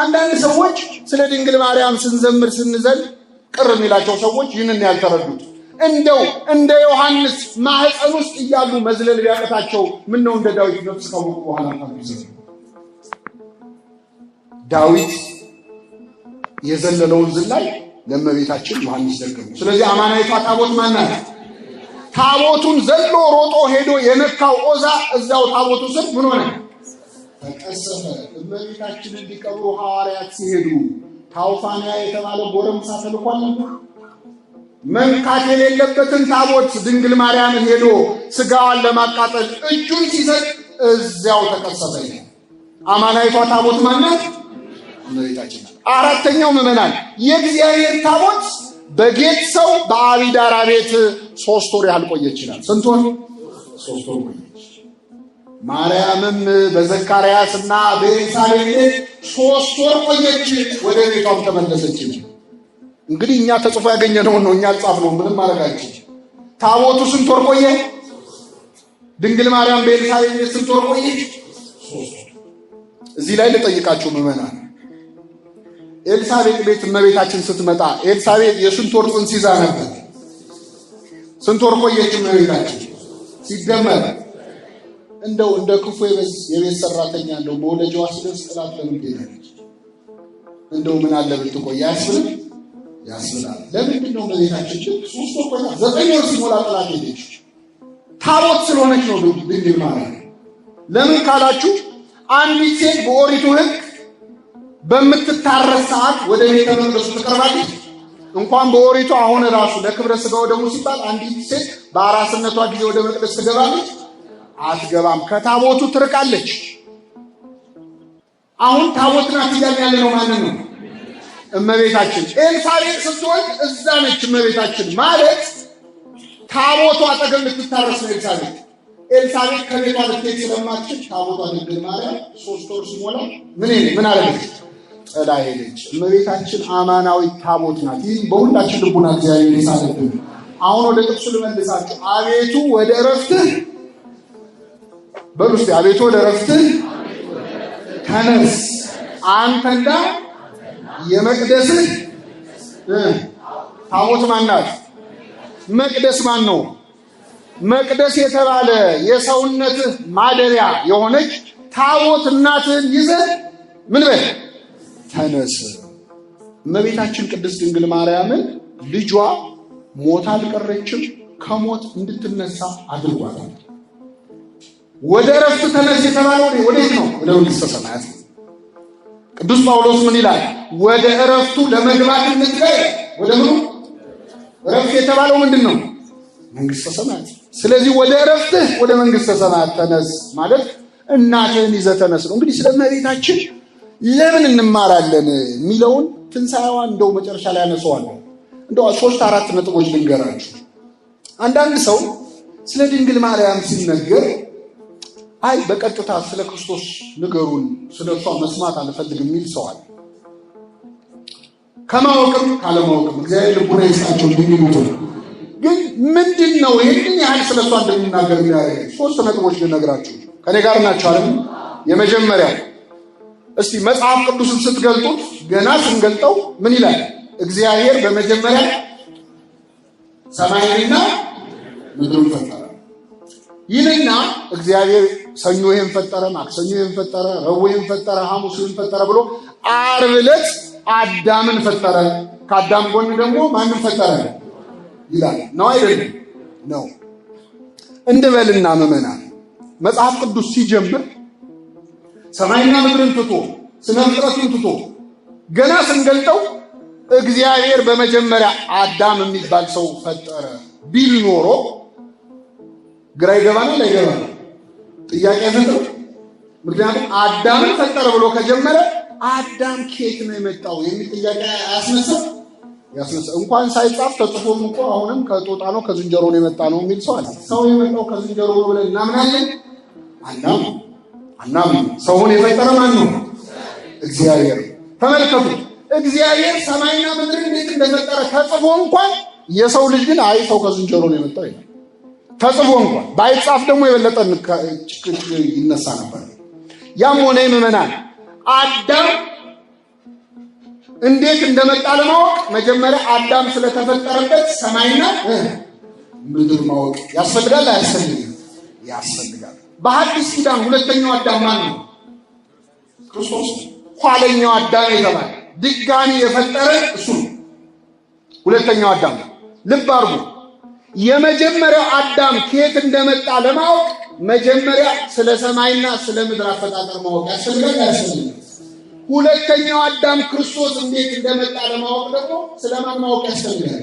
አንዳንድ ሰዎች ስለ ድንግል ማርያም ስንዘምር ስንዘል ቅር የሚላቸው ሰዎች ይህንን ያልተረዱት እንደው እንደ ዮሐንስ ማህፀን ውስጥ እያሉ መዝለል ቢያቀታቸው ምን ነው እንደ ዳዊት ነፍስ ካወቁ በኋላ ዳዊት የዘለለውን ዝላይ ለመቤታችን ዮሐንስ ዘገቡ። ስለዚህ አማናዊቷ ታቦት ማናት? ታቦቱን ዘሎ ሮጦ ሄዶ የመካው ኦዛ እዛው ታቦቱ ስር ምን ሆነ? ተቀሰፈ። እመቤታችን እንዲቀብሩ ሐዋርያት ሲሄዱ ታውፋንያ የተባለ ጎረምሳ ተልኳለሁ። መንካት የሌለበትን ታቦት ድንግል ማርያምን ሄዶ ስጋዋን ለማቃጠል እጁን ሲሰጥ እዚያው ተቀሰፈ። አማናዊቷ ታቦት ማናት? እመቤታችን። አራተኛው ምዕመናን የእግዚአብሔር ታቦት በጌት ሰው በአቢዳራ ቤት ሶስት ወር ያህል ቆየች ይላል። ስንት ወር? ሶስት ወር ማርያምም በዘካርያስ እና በኤልሳቤጥ ሶስት ወር ቆየች፣ ወደ ቤቷም ተመለሰች። እንግዲህ እኛ ተጽፎ ያገኘነውን ነው፣ እኛ አልጻፍነውም። ምንም ማድረጋችሁ። ታቦቱ ስንት ወር ቆየ? ድንግል ማርያም በኤልሳቤጥ ስንት ወር ቆየ? እዚህ ላይ ልጠይቃችሁ ምዕመናን፣ ኤልሳቤጥ ቤት እመቤታችን ስትመጣ ኤልሳቤጥ የስንት ወር ጽንስ ይዛ ነበር? ስንት ወር ቆየች እመቤታችን ሲደመር እንደው እንደ ክፉ የቤት ሰራተኛ እንደው መውለጃዋ ሲደርስ ጥላት ለምን ትሄዳለች? እንደው ምን አለ ብትቆይ ያስብል ያስብላል። ለምንድን ነው እመቤታችን ሶስት ወቆያ ዘጠኝ ወር ሲሞላ ጥላት ሄደች? ታቦት ስለሆነች ነው ድንግል ማርያም። ለምን ካላችሁ አንዲት ሴት በኦሪቱ ሕግ በምትታረስ ሰዓት ወደ ቤተ መቅደሱ ትቀርባለች። እንኳን በኦሪቱ አሁን ራሱ ለክብረ ስጋው ወደሙ ሲባል አንዲት ሴት በአራስነቷ ጊዜ ወደ መቅደስ ትገባለች። አትገባም። ከታቦቱ ትርቃለች። አሁን ታቦት ናት እያልን ያለ ነው ማንን ነው? እመቤታችን ኤልሳቤጥ ስትወልድ እዛ ነች። እመቤታችን ማለት ታቦቱ አጠገብ ልትታረስ ነው ኤልሳቤጥ። ኤልሳቤጥ ከቤቷ ልትሄድ ስለማትችል ታቦቷ ድንግል ማርያም ሶስት ወር ሲሞላ ምን ምን አለች? ጥላ ሄደች። እመቤታችን አማናዊ ታቦት ናት። ይህም በሁላችን ልቡና እግዚአብሔር ይሳለብን። አሁን ወደ ጥቅሱ ልመልሳቸው። አቤቱ ወደ እረፍትህ በሉ እስቲ አቤቱ ወደ ተነስ፣ አንተና የመቅደስህ ታቦት ማናት? መቅደስ ማን ነው? መቅደስ የተባለ የሰውነትህ ማደሪያ የሆነች ታቦት እናትህን ይዘህ ምን በል ተነስ። እመቤታችን ቅድስት ድንግል ማርያምን ልጇ ሞት አልቀረችም፣ ከሞት እንድትነሳ አድርጓታል። ወደ እረፍት ተነስ የተባለው ወዴት ነው? ወደ መንግሥተ ሰማያት። ቅዱስ ጳውሎስ ምን ይላል? ወደ እረፍቱ ለመግባት እንትገይ። ወደ ምኑ እረፍት የተባለው ምንድን ነው? መንግሥተ ሰማያት። ስለዚህ ወደ እረፍትህ ወደ መንግሥተ ሰማያት ተነስ ማለት እናትህን ይዘህ ተነስ ነው። እንግዲህ ስለ እመቤታችን ለምን እንማራለን የሚለውን ትንሳዋ እንደው መጨረሻ ላይ አነሳዋለሁ። እንደው ሶስት አራት ነጥቦች ልንገራችሁ። አንዳንድ ሰው ስለ ድንግል ማርያም ሲነገር አይ በቀጥታ ስለ ክርስቶስ ንገሩን፣ ስለ እሷ መስማት አልፈልግም የሚል ሰው አለ። ከማወቅም ካለማወቅም እግዚአብሔር ልቡና ይስጣቸው እንደሚሉት ግን ምንድን ነው ይህን ያህል ስለ እሷ እንደሚናገር የሚያደርግ ሶስት ነጥቦች ልነግራችሁ። ከኔ ጋር ናቸው አለም። የመጀመሪያ እስቲ መጽሐፍ ቅዱስን ስትገልጡት ገና ስንገልጠው ምን ይላል? እግዚአብሔር በመጀመሪያ ሰማይንና ምድሩን ፈጠረ ይልና እግዚአብሔር ሰኞ ይህን ፈጠረ፣ ማክሰኞ ይህን ፈጠረ፣ ረቡዕ ይህን ፈጠረ፣ ሐሙስ ይህን ፈጠረ ብሎ ዓርብ ዕለት አዳምን ፈጠረ። ከአዳም ጎን ደግሞ ማንም ፈጠረ ይላል። ነው አይደለም? ነው እንበልና መመና መጽሐፍ ቅዱስ ሲጀምር ሰማይና ምድርን ትቶ ስነ ፍጥረቱን ትቶ ገና ስንገልጠው እግዚአብሔር በመጀመሪያ አዳም የሚባል ሰው ፈጠረ ቢል ኖሮ ግራ ይገባናል አይገባናል? ጥያቄ አይፈጥሩ። ምክንያቱም አዳም ፈጠረ ብሎ ከጀመረ አዳም ኬት ነው የመጣው የሚል ጥያቄ አያስነሳም። ያስነሳ እንኳን ሳይጻፍ ተጽፎም እኮ አሁንም ከጦጣ ነው ከዝንጀሮ ነው የመጣ ነው የሚል ሰው አለ። ሰው የመጣው ከዝንጀሮ ነው ብለን እናምናለን። አናም አናም ሰውን የፈጠረ ማን ነው? እግዚአብሔር። ተመልከቱ እግዚአብሔር ሰማይና ምድርን እንዴት እንደፈጠረ ተጽፎ እንኳን የሰው ልጅ ግን አይ ሰው ከዝንጀሮ ነው የመጣው ይላል። ተጽፎ እንኳን ባይጻፍ ደግሞ የበለጠ ይነሳ ነበር። ያም ሆነ ምዕመናን አዳም እንዴት እንደመጣ ለማወቅ መጀመሪያ አዳም ስለተፈጠረበት ሰማይና ምድር ማወቅ ያስፈልጋል። አያስፈልግም? ያስፈልጋል። በሐዲስ ኪዳን ሁለተኛው አዳም ማን ነው? ክርስቶስ። ኋለኛው አዳም የተባለ ድጋሚ የፈጠረ እሱ ነው። ሁለተኛው አዳም ልብ አድርጉ። የመጀመሪያው አዳም ከየት እንደመጣ ለማወቅ መጀመሪያ ስለ ሰማይና ስለ ምድር አፈጣጠር ማወቅ ያስፈልጋል ሁለተኛው አዳም ክርስቶስ እንዴት እንደመጣ ለማወቅ ደግሞ ስለማን ማወቅ ያስፈልጋል?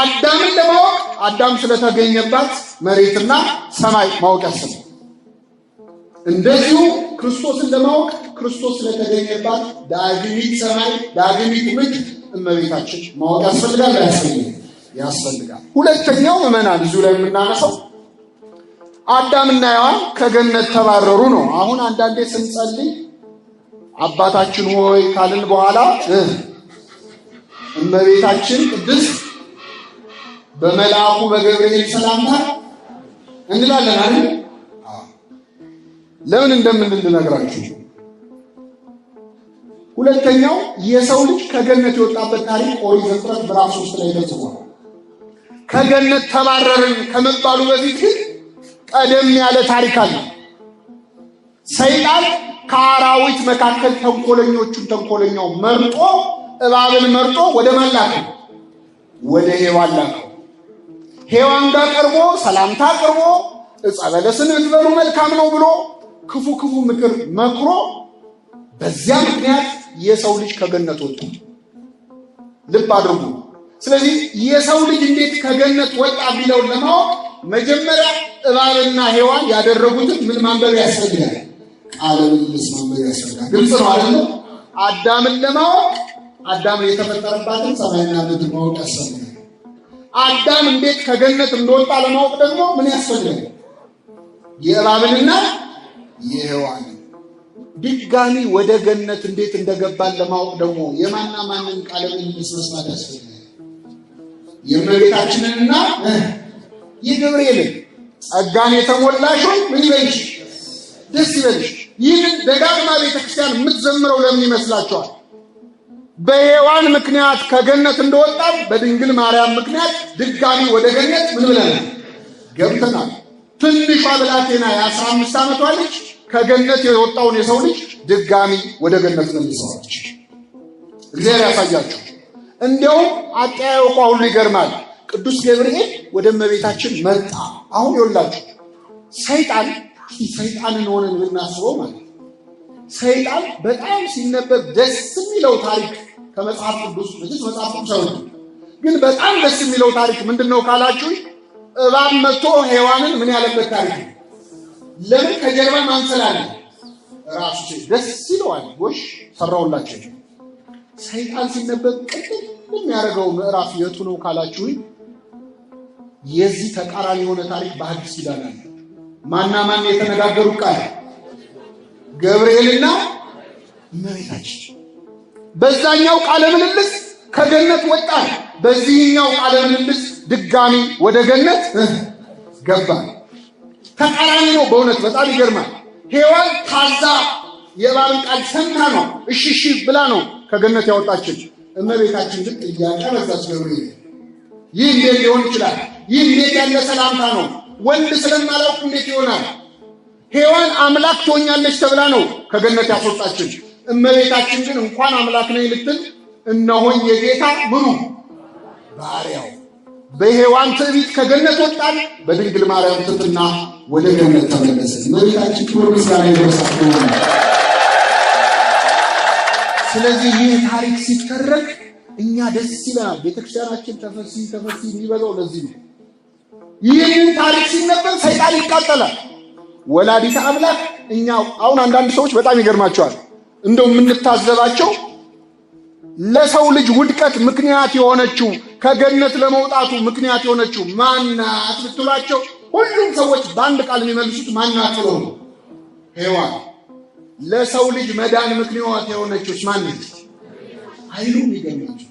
አዳምን ለማወቅ አዳም ስለተገኘባት መሬትና ሰማይ ማወቅ ያስፈልጋል። እንደዚሁ ክርስቶስን ለማወቅ ክርስቶስ ስለተገኘባት ዳግሚት ሰማይ ዳግሚት ምድር እመቤታችን ማወቅ ያስፈልጋል ያስፈልጋል። ሁለተኛው ምዕመናን እዚሁ ላይ የምናነሳው አዳምና ሔዋን ከገነት ተባረሩ ነው። አሁን አንዳንዴ ስንጸልይ አባታችን ሆይ ካልን በኋላ እመቤታችን ቅድስ በመልአኩ በገብርኤል ሰላምታ እንላለን አይደል? ለምን እንደምንል ልነግራችሁ ሁለተኛው የሰው ልጅ ከገነት የወጣበት ታሪክ ኦሪት ዘፍጥረት ምዕራፍ ሶስት ላይ ተጽፏል። ከገነት ተባረርን ከመባሉ በፊት ግን ቀደም ያለ ታሪክ አለ። ሰይጣን ከአራዊት መካከል ተንኮለኞቹን ተንኮለኛው መርጦ እባብን መርጦ ወደ ማን ወደ ሔዋን ላከው። ሔዋን ጋር ቀርቦ ሰላምታ አቅርቦ ዕፀ በለስን መልካም ነው ብሎ ክፉ ክፉ ምክር መክሮ በዚያ ምክንያት የሰው ልጅ ከገነት ወጣ። ልብ አድርጉ። ስለዚህ የሰው ልጅ እንዴት ከገነት ወጣ ቢለውን ለማወቅ መጀመሪያ እባብና ሔዋን ያደረጉትን ምን ማንበብ ያስፈልጋል? ቃልን ማንበብ ያስፈልጋል። ግልጽ ነው አይደል? አዳምን ለማወቅ አዳም የተፈጠረባትን ሰማይና ምድር ማወቅ ያስፈልጋል። አዳም እንዴት ከገነት እንደወጣ ለማወቅ ደግሞ ምን ያስፈልጋል? የእባብንና የሔዋንን ድጋሚ ወደ ገነት እንዴት እንደገባን ለማወቅ ደግሞ የማና ማንን ቃለ ምልልስ መስማት ያስፈልጋል። የእመቤታችንንና የገብርኤልን ጸጋን የተሞላሹ ምን ይበልሽ ደስ ይበልሽ። ይህንን ደጋግማ ቤተክርስቲያን የምትዘምረው ለምን ይመስላችኋል? በሔዋን ምክንያት ከገነት እንደወጣም በድንግል ማርያም ምክንያት ድጋሚ ወደ ገነት ምን ብለናል ገብተናል። ትንሿ ብላቴና የአስራ አምስት ዓመቷ ልጅ ከገነት የወጣውን የሰው ልጅ ድጋሚ ወደ ገነት ነው የሚሰራች። እግዚአብሔር ያሳያችሁ። እንዲያውም አጠያየቋ ሁሉ ይገርማል። ቅዱስ ገብርኤል ወደ እመቤታችን መጣ። አሁን ይወላችሁ ሰይጣን ሰይጣንን ሆነን ብናስበው ማለት ሰይጣን በጣም ሲነበብ ደስ የሚለው ታሪክ ከመጽሐፍ ቅዱስ ልጅ መጽሐፍ ቅዱስ ግን በጣም ደስ የሚለው ታሪክ ምንድን ነው ካላችሁ እባብ መጥቶ ሔዋንን ምን ያለበት ታሪክ ነው ለምን ከጀርባ ማንሰላል ራሱ ደስ ይለዋል። ጎሽ ሰራውላቸው። ሰይጣን ሲነበብ ቅጥል የሚያደርገው ምዕራፍ የቱ ነው ካላችሁኝ፣ የዚህ ተቃራኒ የሆነ ታሪክ በአዲስ ኪዳን አለ። ማና ማን የተነጋገሩ ቃል ገብርኤልና እመቤታችን። በዛኛው ቃለ ምልልስ ከገነት ወጣል፣ በዚህኛው ቃለ ምልልስ ድጋሚ ወደ ገነት ገባል። ተቃራኒ ነው። በእውነት በጣም ይገርማል። ሔዋን ታዛ የባብን ቃል ሰምታ ነው እሺ እሺ ብላ ነው ከገነት ያወጣችን። እመቤታችን ግን ጥያቄ ነው። ይህ እንዴት ሊሆን ይችላል? ይህ እንዴት ያለ ሰላምታ ነው? ወንድ ስለማላውቅ እንዴት ይሆናል? ሔዋን አምላክ ትሆኛለች ተብላ ነው ከገነት ያስወጣችን። እመቤታችን ግን እንኳን አምላክ ነኝ ልትል እነሆኝ የጌታ ምኑ ባሪያው በሔዋን ትዕቢት ከገነት ወጣል፣ በድንግል ማርያም ትትና ወደ ገነት ተመለሰ። መቤታችን ክብር ምስጋና ይደርሳት ነው። ስለዚህ ይህ ታሪክ ሲተረክ እኛ ደስ ይላል። ቤተክርስቲያናችን ተፈሲ ተፈሲ የሚበዛው ለዚህ ነው። ይህን ታሪክ ሲነበብ ሰይጣን ይቃጠላል። ወላዲተ አምላክ እኛ አሁን አንዳንድ ሰዎች በጣም ይገርማቸዋል። እንደው የምንታዘባቸው ለሰው ልጅ ውድቀት ምክንያት የሆነችው ከገነት ለመውጣቱ ምክንያት የሆነችው ማናት ብትሏቸው ሁሉም ሰዎች በአንድ ቃል የሚመልሱት ማናት ነው። ሔዋን ለሰው ልጅ መዳን ምክንያት የሆነችው ማነች? አይሉም ይገኛቸው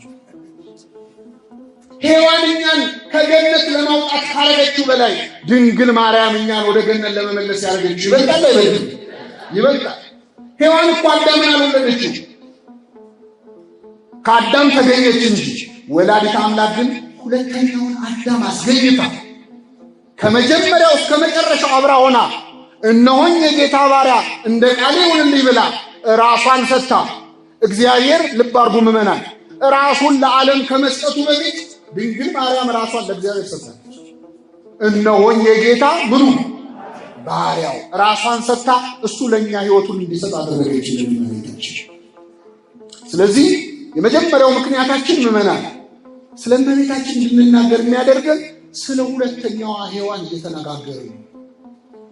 ሔዋን እኛን ከገነት ለማውጣት ካረገችው በላይ ድንግል ማርያም እኛን ወደ ገነት ለመመለስ ያደረገችው ይበልጣል። አይበልጥም? ይበልጣል። ሔዋን እኮ አዳምን አልወለደችው ከአዳም ተገኘች እንጂ ወላዲተ አምላክ ግን ሁለተኛውን አዳም አስገኝታ ከመጀመሪያው እስከ መጨረሻው አብራ ሆና እነሆኝ የጌታ ባሪያ እንደ ቃሌ ይሁንልኝ ብላ ራሷን ሰጥታ እግዚአብሔር ልብ አድርጉ ምዕመናን፣ ራሱን ለዓለም ከመስጠቱ በፊት ድንግል ማርያም ራሷን ለእግዚአብሔር ሰጥታለች። እነሆኝ የጌታ ምኑ ባሪያው ራሷን ሰጥታ እሱ ለእኛ ህይወቱን እንዲሰጥ አደረገች። ስለዚህ የመጀመሪያው ምክንያታችን ምዕመናን ስለ እመቤታችን እንድንናገር የሚያደርገን ስለ ሁለተኛዋ ሔዋን እየተነጋገረ ነው።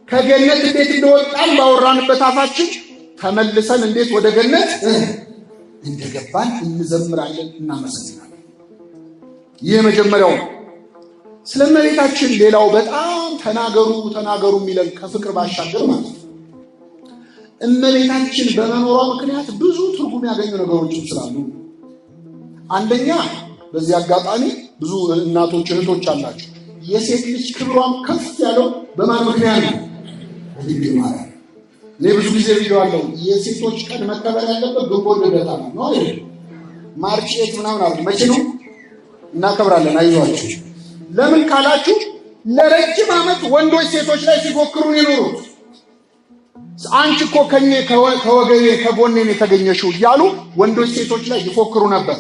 ከገነት እንዴት እንደወጣን ባወራንበት አፋችን ተመልሰን እንዴት ወደ ገነት እንደገባን እንዘምራለን፣ እናመሰግናለን። ይህ መጀመሪያው ነው። ስለ እመቤታችን ሌላው በጣም ተናገሩ ተናገሩ የሚለን ከፍቅር ባሻገር ማለት ነው እመቤታችን በመኖሯ ምክንያት ብዙ ትርጉም ያገኙ ነገሮችም ስላሉ አንደኛ በዚህ አጋጣሚ ብዙ እናቶች እህቶች አላቸው የሴት ልጅ ክብሯን ከፍ ያለው በማን ምክንያት ነው? በድንግል ማርያም። እኔ ብዙ ጊዜ ብየዋለሁ፣ የሴቶች ቀን መከበር ያለበት ግንቦት ልደታ ነው ነው አይደል? ማርቼት ምናምን አሉ። መቼ ነው? እናከብራለን። አይዟችሁ። ለምን ካላችሁ ለረጅም ዓመት ወንዶች ሴቶች ላይ ሲፎክሩ የኖሩት አንቺ እኮ ከኔ ከወገቤ ከጎኔን የተገኘሽው እያሉ ወንዶች ሴቶች ላይ ይፎክሩ ነበር።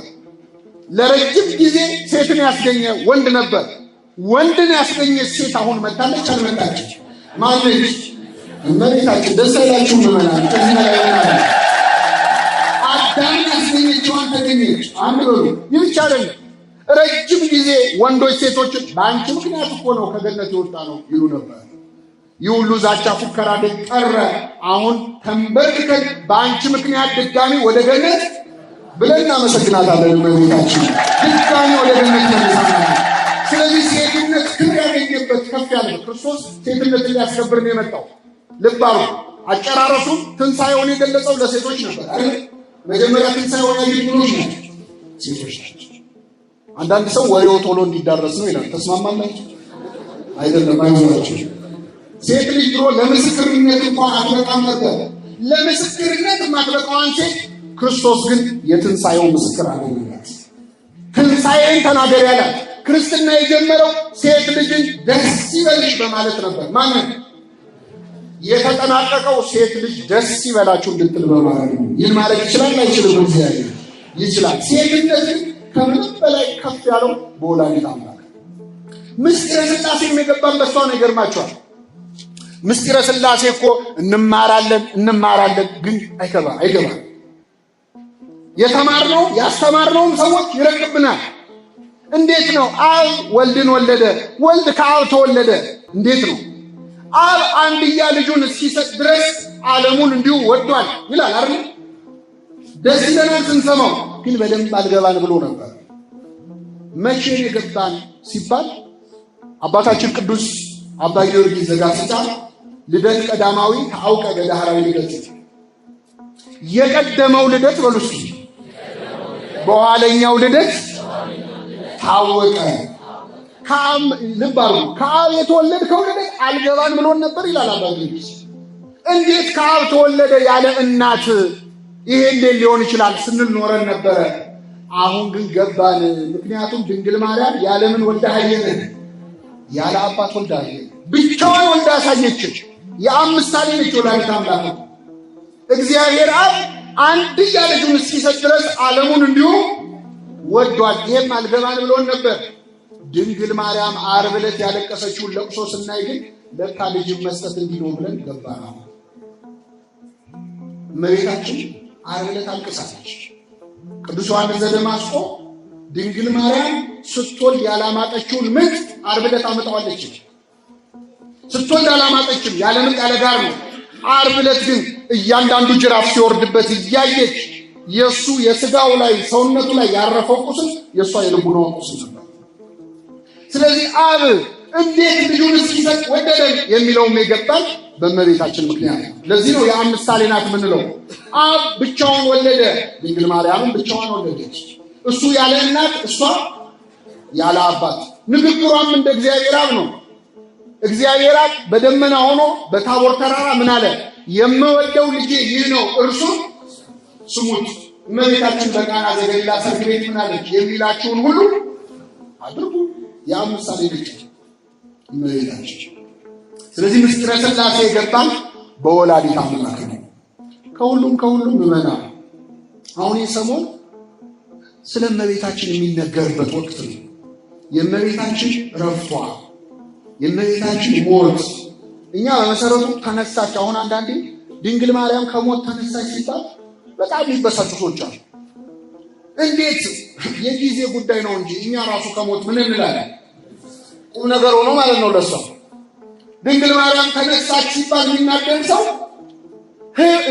ለረጅም ጊዜ ሴትን ያስገኘ ወንድ ነበር። ወንድን ያስገኘች ሴት አሁን መታለች አልመጣለች? ማለች እመቤታችን። ደስ አይላችሁ ምመናል። አዳምን ያስገኘችዋን ተገኘች አንበሩ። ይህ ብቻ ረጅም ጊዜ ወንዶች ሴቶችን በአንቺ ምክንያት እኮ ነው ከገነት የወጣ ነው ይሉ ነበር። ይህ ሁሉ ዛቻ፣ ፉከራ ደ ቀረ። አሁን ተንበርክከን በአንቺ ምክንያት ድጋሚ ወደ ገነት ብለን እናመሰግናታለን እመቤታችን። ድጋሚ ወደ ገነት ተመሳናለን። ስለዚህ ሴትነት ክብር ያገኘበት ከፍ ያለ ክርስቶስ ሴትነትን ሊያስከብር ነው የመጣው። ልብ አጨራረሱ አጨራረሱም ትንሣኤውን የገለጸው ለሴቶች ነበር መጀመሪያ ትንሣኤውን ያገኙ ሴቶች ናቸው። አንዳንድ ሰው ወሬው ቶሎ እንዲዳረስ ነው ይላል። ተስማማላችሁ? አይደለም፣ አይሆናቸው ሴት ልጅ ድሮ ለምስክርነት እንኳን አትበቃም ነበር። ለምስክርነት የማትበቃዋን ሴት ክርስቶስ ግን የትንሣኤው ምስክር አገኘላት። ትንሣኤን ተናገር ያላት ክርስትና የጀመረው ሴት ልጅን ደስ ይበልሽ በማለት ነበር። ማንን የተጠናቀቀው ሴት ልጅ ደስ ይበላችሁ እንድትል በማለት ነው። ይህን ማለት ይችላል አይችልም? እግዚአብሔር ይችላል። ሴትነትን ከምንም በላይ ከፍ ያለው በወላዲተ አምላክ ምስጢረ ስላሴ የሚገባን በሷ ነው። ይገርማችኋል። ምስጢረ ስላሴ እኮ እንማራለን እንማራለን፣ ግን አይገባ አይገባ የተማርነውም ያስተማርነውም ሰዎች ይረቅብናል። እንዴት ነው አብ ወልድን ወለደ፣ ወልድ ከአብ ተወለደ? እንዴት ነው አብ አንድያ ልጁን እስኪሰጥ ድረስ ዓለሙን እንዲሁ ወዷል ይላል አይደል? ደስ ይለናል ስንሰማው፣ ግን በደንብ አልገባን ብሎ ነበር። መቼ የገባን ሲባል አባታችን ቅዱስ አባ ጊዮርጊስ ዘጋስጫ ልደት ቀዳማዊ ከአውቀ ገዳህራዊ ልደት የቀደመው ልደት በሉስ በኋለኛው ልደት ታወቀ። ከአብ ልባሉ ከአብ የተወለድ ከሆነ አልገባን ምንሆን ነበር ይላል አባ እንዴት ከአብ ተወለደ ያለ እናት ይሄ እንዴት ሊሆን ይችላል ስንል ኖረን ነበረ። አሁን ግን ገባን። ምክንያቱም ድንግል ማርያም ያለምን ወልዳ አየን፣ ያለ አባት ወልዳ አየን፣ ብቻዋን ወልዳ አሳየችን። የአብ ምሳሌ ነች ወላዲተ አምላክ። እግዚአብሔር አብ አንድያ ልጁን እስኪሰጥ ድረስ ዓለሙን እንዲሁ ወዷል ይህም አልገባን ብሎን ነበር። ድንግል ማርያም ዓርብ ዕለት ያለቀሰችውን ለቅሶ ስናይ ግን ለካ ልጅ መስጠት እንዲህ ብለን ገባ ነው። እመቤታችን ዓርብ ዕለት አልቅሳለች። ቅዱስ ዮሐንስ ዘደማስቆ ድንግል ማርያም ስትወልድ ያላማጠችውን ምጥ ዓርብ ዕለት አመጣዋለች። ስትወልድ አላማጠችም፣ ያለ ምጥ ያለ ጋር ነው። ዓርብ ዕለት ግን እያንዳንዱ ጅራፍ ሲወርድበት እያየች የእሱ የስጋው ላይ ሰውነቱ ላይ ያረፈው ቁስል የእሷ የልቡናዋ ቁስል ነበር። ስለዚህ አብ እንዴት ልጁን እስኪሰጥ ወደደን የሚለውም የገባል በእመቤታችን ምክንያት። ለዚህ ነው የአብ ምሳሌ ናት የምንለው። አብ ብቻውን ወለደ፣ ድንግል ማርያምን ብቻዋን ወለደች። እሱ ያለ እናት፣ እሷ ያለ አባት። ንግግሯም እንደ እግዚአብሔር አብ ነው። እግዚአብሔር አብ በደመና ሆኖ በታቦር ተራራ ምን አለ? የምወደው ልጄ ይህ ነው እርሱን ስሙት። እመቤታችን በቃና ዘገሊላ ሰርግ ቤት ምናለች? የሚላችሁን ሁሉ አድርጉ። ያም ምሳሌ ልጅ እመቤታችን። ስለዚህ ምስጢረ ስላሴ የገባን በወላዲት አምላክ ነው። ከሁሉም ከሁሉም ምመና አሁን የሰሞን ስለ እመቤታችን የሚነገርበት ወቅት ነው። የእመቤታችን ረፍቷ፣ የእመቤታችን ሞት እኛ በመሰረቱ ተነሳች። አሁን አንዳንዴ ድንግል ማርያም ከሞት ተነሳች ሲባል በጣም የሚበሳጩ ሰዎች አሉ። እንዴት የጊዜ ጉዳይ ነው እንጂ እኛ ራሱ ከሞት ምን እንላለን? ቁም ነገር ሆኖ ማለት ነው። ለሷ ድንግል ማርያም ተነሳች ሲባል የሚናደን ሰው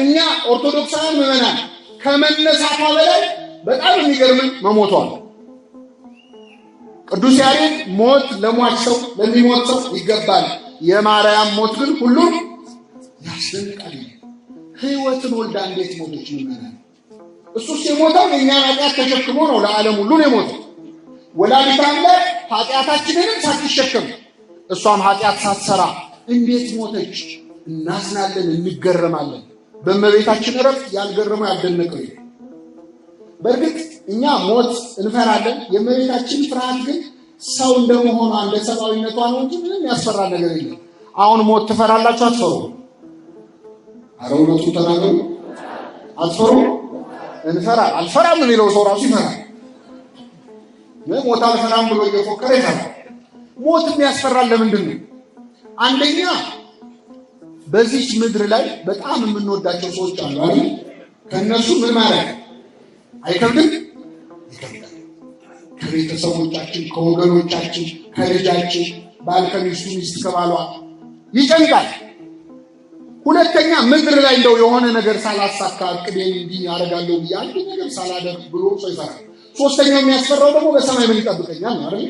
እኛ ኦርቶዶክሳውያን ምዕመናን ከመነሳቷ በላይ በጣም የሚገርምን መሞቷል። ቅዱስ ያሬድ ሞት ለሟች ሰው ለሚሞት ሰው ይገባል፣ የማርያም ሞት ግን ሁሉም ያስደንቃል። ህይወትን ወልዳ እንዴት ሞቶች ምመናል እሱስ የሞተው የእኛን ኃጢአት ተሸክሞ ነው ለዓለም ሁሉ ነው የሞተው። ወላዲተ አምላክ ኃጢአታችንንም ሳትሸከም እሷም ኃጢአት ሳትሰራ እንዴት ሞተች? እናዝናለን፣ እንገረማለን። በእመቤታችን እረፍት ያልገረመው ያልደነቀው ይሄ። በእርግጥ እኛ ሞት እንፈራለን። የእመቤታችን ፍርሃት ግን ሰው እንደመሆኗ እንደ ሰብአዊነቷ ነው እንጂ ምንም ያስፈራ ነገር የለም። አሁን ሞት ትፈራላችሁ? አትፈሩ አረ እውነቱን ተናገሩ። አትፈሩ? እንፈራ አልፈራም የሚለው ሰው ራሱ ይፈራል። ሞት አልፈራም ብሎ እየፎከረ ይፈራል። ሞት የሚያስፈራል ለምንድን ነው? አንደኛ በዚች ምድር ላይ በጣም የምንወዳቸው ሰዎች አሉ አይደል? ከእነሱ ምን ማለት አይከብድም? ይከብዳል። ከቤተሰቦቻችን፣ ከወገኖቻችን፣ ከልጃችን፣ ባል ከሚስቱ፣ ሚስት ከባሏ ይጨንቃል። ሁለተኛ ምድር ላይ እንደው የሆነ ነገር ሳላሳካ እቅድ እንዲ ያደርጋለሁ ብዬ አንድ ነገር ሳላደርግ ብሎ ሰው ይሰራል። ሶስተኛው የሚያስፈራው ደግሞ በሰማይ ምን ይጠብቀኛል ነው አይደል?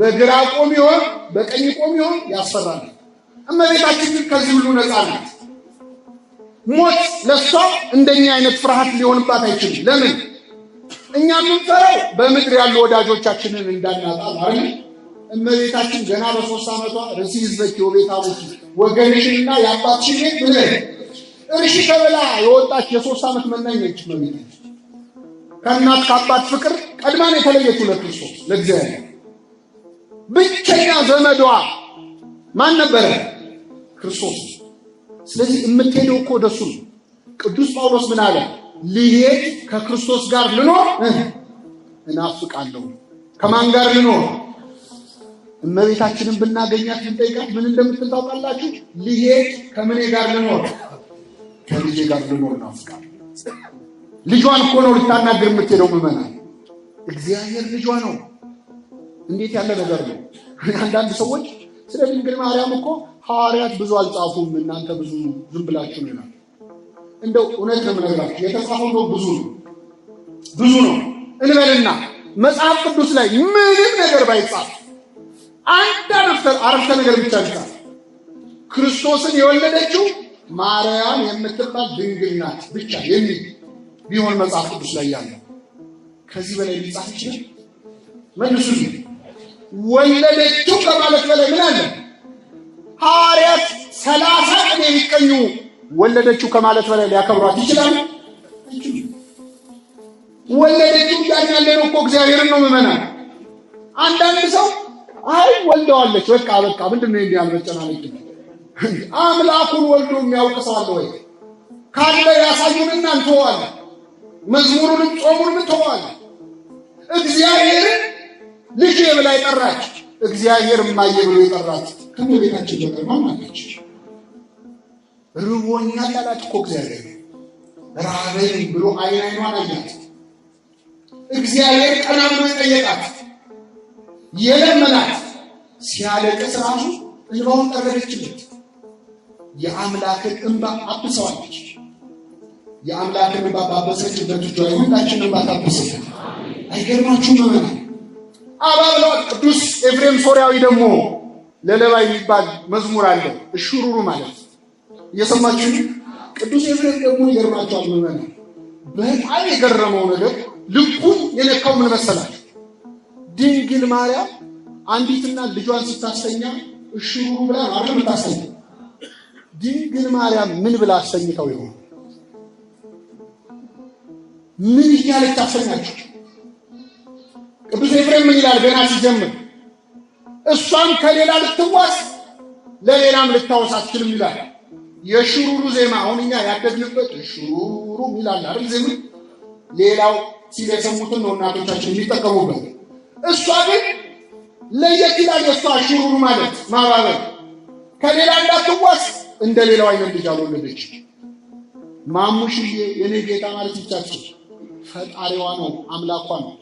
በግራ ቆም ይሆን በቀኝ ቆም ይሆን ያስፈራል። እመቤታችን ግን ከዚህ ሁሉ ነፃ ናት። ሞት ለሷ እንደኛ አይነት ፍርሃት ሊሆንባት አይችልም። ለምን? እኛ የምንፈራው በምድር ያሉ ወዳጆቻችንን እንዳናጣ ማለት እመቤታችን ገና በሶስት ዓመቷ ርሲ ይዝበኪ ወቤታቦኪ ወገንሽንና የአባትሽን ቤት ብለ እርሺ ተብላ የወጣች የሶስት ዓመት መናኝ ነች። ከእናት ከአባት ፍቅር ቀድማን ሁለት ሶ ለእግዚአብሔር ብቸኛ ዘመዷ ማን ነበረ? ክርስቶስ። ስለዚህ የምትሄደው እኮ ደሱ ነው። ቅዱስ ጳውሎስ ምን አለ? ልሄድ ከክርስቶስ ጋር ልኖር እናፍቃለሁ። ከማን ጋር ልኖር እመቤታችንን ብናገኛት ስንጠይቃት ምን እንደምትል ታውቃላችሁ? ልሄድ ከምኔ ጋር ልኖር ከልጄ ጋር ልኖር ናፍቃል። ልጇን እኮ ነው ልታናገር የምትሄደው። ምመናል እግዚአብሔር ልጇ ነው። እንዴት ያለ ነገር ነው! አንዳንድ ሰዎች ስለ ድንግል ማርያም እኮ ሐዋርያት ብዙ አልጻፉም፣ እናንተ ብዙ ዝም ብላችሁ ነው ይላል። እንደው እውነት ነው የምነግራችሁ፣ የተጻፈው ነው ብዙ ነው ብዙ ነው እንበልና መጽሐፍ ቅዱስ ላይ ምንም ነገር ባይጻፍ አንድ አረፍተ ነገር ብቻ ይዛል። ክርስቶስን የወለደችው ማርያም የምትባል ድንግል ናት ብቻ የሚል ቢሆን መጽሐፍ ቅዱስ ላይ ያለ ከዚህ በላይ ሊጻፍ ይችላል? መልሱ ወለደችው ከማለት በላይ ምን አለ? ሐዋርያት ሰላሳ ቀን የሚቀኙ ወለደችው ከማለት በላይ ሊያከብሯት ይችላል? ወለደችው እያልን ያለነው እኮ እግዚአብሔርን ነው ምመና አንዳንድ ሰው አይ ወልደዋለች። በቃ በቃ ምንድን ነው እንዲያል መጨናነቅ። አምላኩን ወልዶ የሚያውቅ ሰው አለ ወይ? ካለ ያሳዩንና እንተዋለ። መዝሙሩንም ጾሙንም እንተዋለ። እግዚአብሔርን ልጄ ብላ ጠራች። እግዚአብሔር እማዬ ብሎ የጠራት ከእመቤታችን ቤታችን ማን አለች? ርቦኛል ያላት እኮ እግዚአብሔር ራበኝ ብሎ አይን አይኗን አያት። እግዚአብሔር ቀና ብሎ የጠየቃት የለመናት ሲያለቅስ ራሱ እንባውን ጠረገችለት። የአምላክን እንባ አብሰዋለች። የአምላክን እንባ ባበሰችበት እጇ የሁላችን እንባ ታብስል። አይገርማችሁ መመና አባብለዋል። ቅዱስ ኤፍሬም ሶሪያዊ ደግሞ ለለባ የሚባል መዝሙር አለ እሹሩሩ ማለት እየሰማችሁ ቅዱስ ኤፍሬም ደግሞ ይገርማቸዋል። መመና በጣም የገረመው ነገር ልቡን የነካው ምን መሰላችሁ? ድንግል ማርያም አንዲት እናት ልጇን ስታሰኛ እሽሩ ብላ አይደል ታሰኝ። ድንግል ማርያም ምን ብላ አስተኝተው ይሆን? ምን እያለች ታሰኛችሁ? ቅዱስ ኤፍሬም ምን ይላል? ገና ሲጀምር እሷም ከሌላ ልትዋስ ለሌላም ልታወስ አትችልም ይላል። የሽሩሩ ዜማ አሁን እኛ ያደግንበት ሽሩሩ ይላል አይደል? ዜማ ሌላው ሲል የሰሙትን ነው እናቶቻችን የሚጠቀሙበት እሷ ግን ለየት ይላል። የእሷ ሽሩሩ ማለት ማባበል ከሌላ እንዳትዋስ እንደ ሌላው አይነት ልጅ አልወለደች። ማሙሽዬ የኔ ጌታ ማለት ይቻችሁ ፈጣሪዋ ነው፣ አምላኳ ነው።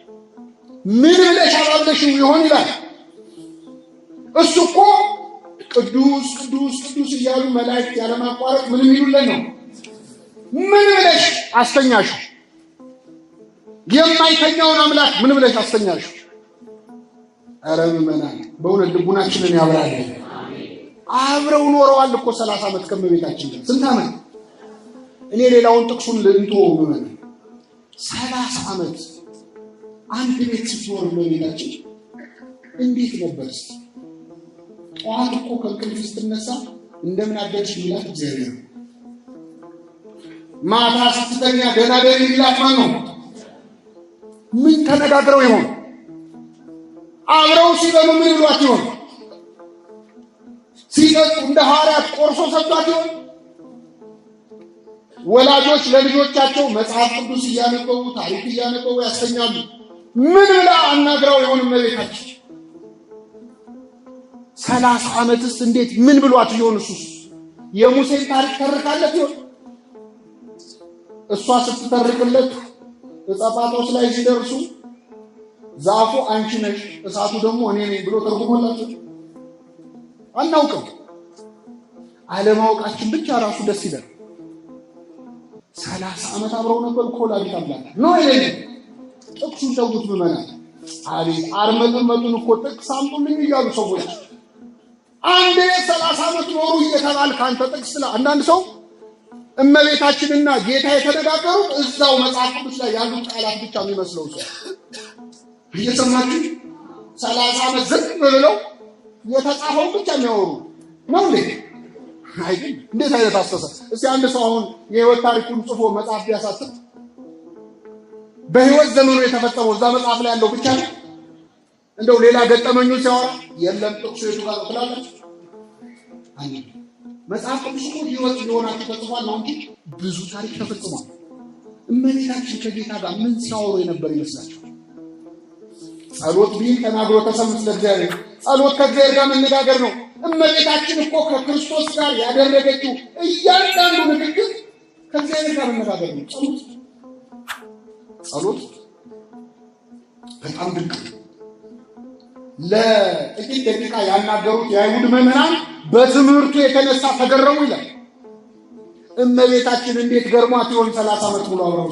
ምን ብለሽ አላለሽም ይሆን ይላል። እሱ እኮ ቅዱስ ቅዱስ ቅዱስ እያሉ መላእክት ያለማቋረጥ ምንም ይሉለን ነው። ምን ብለሽ አስተኛሹ? የማይተኛውን አምላክ ምን ብለሽ አስተኛሹ? ኧረ ምዕመናን በእውነት ልቡናችንን ያብራል? አብረው ኖረዋል እኮ ሰላሳ ዓመት ከመቤታችን ጋር ስንት ዓመት እኔ ሌላውን ጥቅሱን ልንቶ ምዕመናን ሰላሳ ዓመት አንድ ቤት ስትኖር መቤታችን እንዴት ነበር? ጠዋት እኮ ከእንቅልፍ ስትነሳ እንደምን አደርሽ ሚላት እግዚአብሔር፣ ማታ ስትተኛ ደህና ደር ሚላት ማን ነው? ምን ተነጋግረው ይሆን? አብረው ሲበሉ ምን ይሏት ይሆን? ሲጠጡ እንደ ሐዋርያት ቆርሶ ሰጥቷት ይሆን? ወላጆች ለልጆቻቸው መጽሐፍ ቅዱስ እያነበቡ ታሪክ እያነበቡ ያሰኛሉ። ምን ብላ አናግራው የሆን እመቤታችን? ሰላሳ ዓመትስ እንዴት ምን ብሏት ይሆን? እሱስ የሙሴን ታሪክ ተርካለት ይሆን? እሷ ስትተርክለት እጸጳጦስ ላይ ሲደርሱ ዛፉ አንቺ ነሽ፣ እሳቱ ደግሞ እኔ ነኝ ብሎ ተርጉሞላቸው አናውቅም። አለማወቃችን ብቻ ራሱ ደስ ይላል። ሰላሳ ዓመት አብረው ነበር እኮ ላሊት አምላክ ነው አይደል? ጥቅሱን ተውት ምመናል አቤት አርመጥመጡን እኮ ጥቅስ አምጡልኝ እያሉ ሰዎች አንዴ ሰላሳ ዓመት ኖሩ እየተባል ከአንተ ጥቅስ ላ አንዳንድ ሰው እመቤታችንና ጌታ የተነጋገሩት እዛው መጽሐፍ ቅዱስ ላይ ያሉት ቃላት ብቻ የሚመስለው ሰው እየሰማችሁ ሰላሳ ዓመት ዝቅ ብለው የተጻፈውን ብቻ የሚያወሩ ነው እንዴ? አይግን እንዴት አይነት አስተሳሰብ! እስቲ አንድ ሰው አሁን የህይወት ታሪኩን ጽፎ መጽሐፍ ቢያሳትም በህይወት ዘመኑ የተፈጸመው እዛ መጽሐፍ ላይ ያለው ብቻ ነው። እንደው ሌላ ገጠመኙ ሲያወራ የለም ጥቅሱ የቱ ጋር ትላላችሁ? መጽሐፍ ቅዱስ እኮ ህይወት ሊሆናችሁ ተጽፏል ነው እንጂ ብዙ ታሪክ ተፈጽሟል። እመቤታችን ከጌታ ጋር ምን ሲያወሩ የነበር ይመስላችሁ? ጸሎት ቢል ተናግሮ ተሰሙት ለእግዚአብሔር። ጸሎት ከእግዚአብሔር ጋር መነጋገር ነው። እመቤታችን እኮ ከክርስቶስ ጋር ያደረገችው እያንዳንዱ ንግግር ከእግዚአብሔር ጋር መነጋገር ነው። ጸሎት ጸሎት በጣም ድንቅ ለጥቂት ደቂቃ ያናገሩት የአይሁድ ምዕመናን በትምህርቱ የተነሳ ተገረሙ ይላል። እመቤታችን እንዴት ገርሟት ይሆን ሰላሳ ዓመት ሙሉ አብረው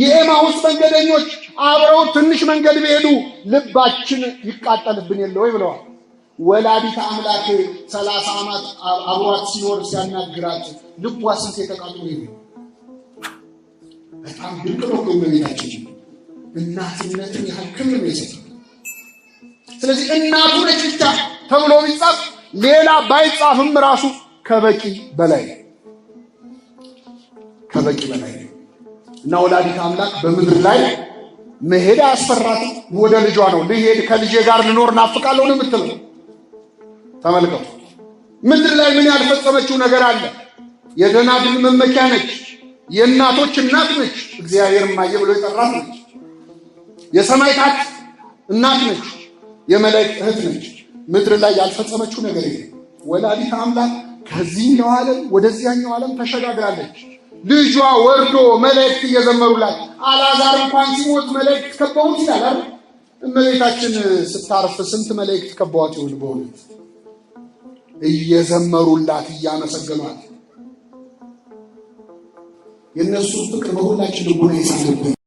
የኤማውስ መንገደኞች አብረው ትንሽ መንገድ ቢሄዱ ልባችን ይቃጠልብን የለ ወይ ብለዋል። ወላዲተ አምላክ ሰላሳ ዓመት አብሯት ሲኖር ሲያናግራት ልቧ ስንት የተቃጠሉ ይሄ በጣም ድንቅ ነው። እመቤታችን እናትነትን ያህል ክብር ነው የሰጠው። ስለዚህ እናቱ ነች ብቻ ተብሎ ቢጻፍ ሌላ ባይጻፍም ራሱ ከበቂ በላይ ከበቂ በላይ እና ወላዲት አምላክ በምድር ላይ መሄድ አያስፈራትም። ወደ ልጇ ነው ልሄድ፣ ከልጄ ጋር ልኖር ናፍቃለሁ ነው የምትለው። ተመልከቱ፣ ምድር ላይ ምን ያልፈጸመችው ነገር አለ? የደናግል መመኪያ ነች፣ የእናቶች እናት ነች። እግዚአብሔር እማዬ ብሎ የጠራት ነች። የሰማይታት እናት ነች፣ የመላእክት እህት ነች። ምድር ላይ ያልፈጸመችው ነገር የለም። ወላዲት አምላክ ከዚህኛው ዓለም ወደዚያኛው ዓለም ተሸጋግራለች። ልጇ ወርዶ መላእክት እየዘመሩላት አላዛር እንኳን ሲሞት መላእክት ከበውት ይላል አይደል? እመቤታችን ስታርፍ ስንት መላእክት ከበዋት ይሁን በእውነት እየዘመሩላት እያመሰገኗት የእነሱ ፍቅር በሁላችን ልቦና ይሳለብን።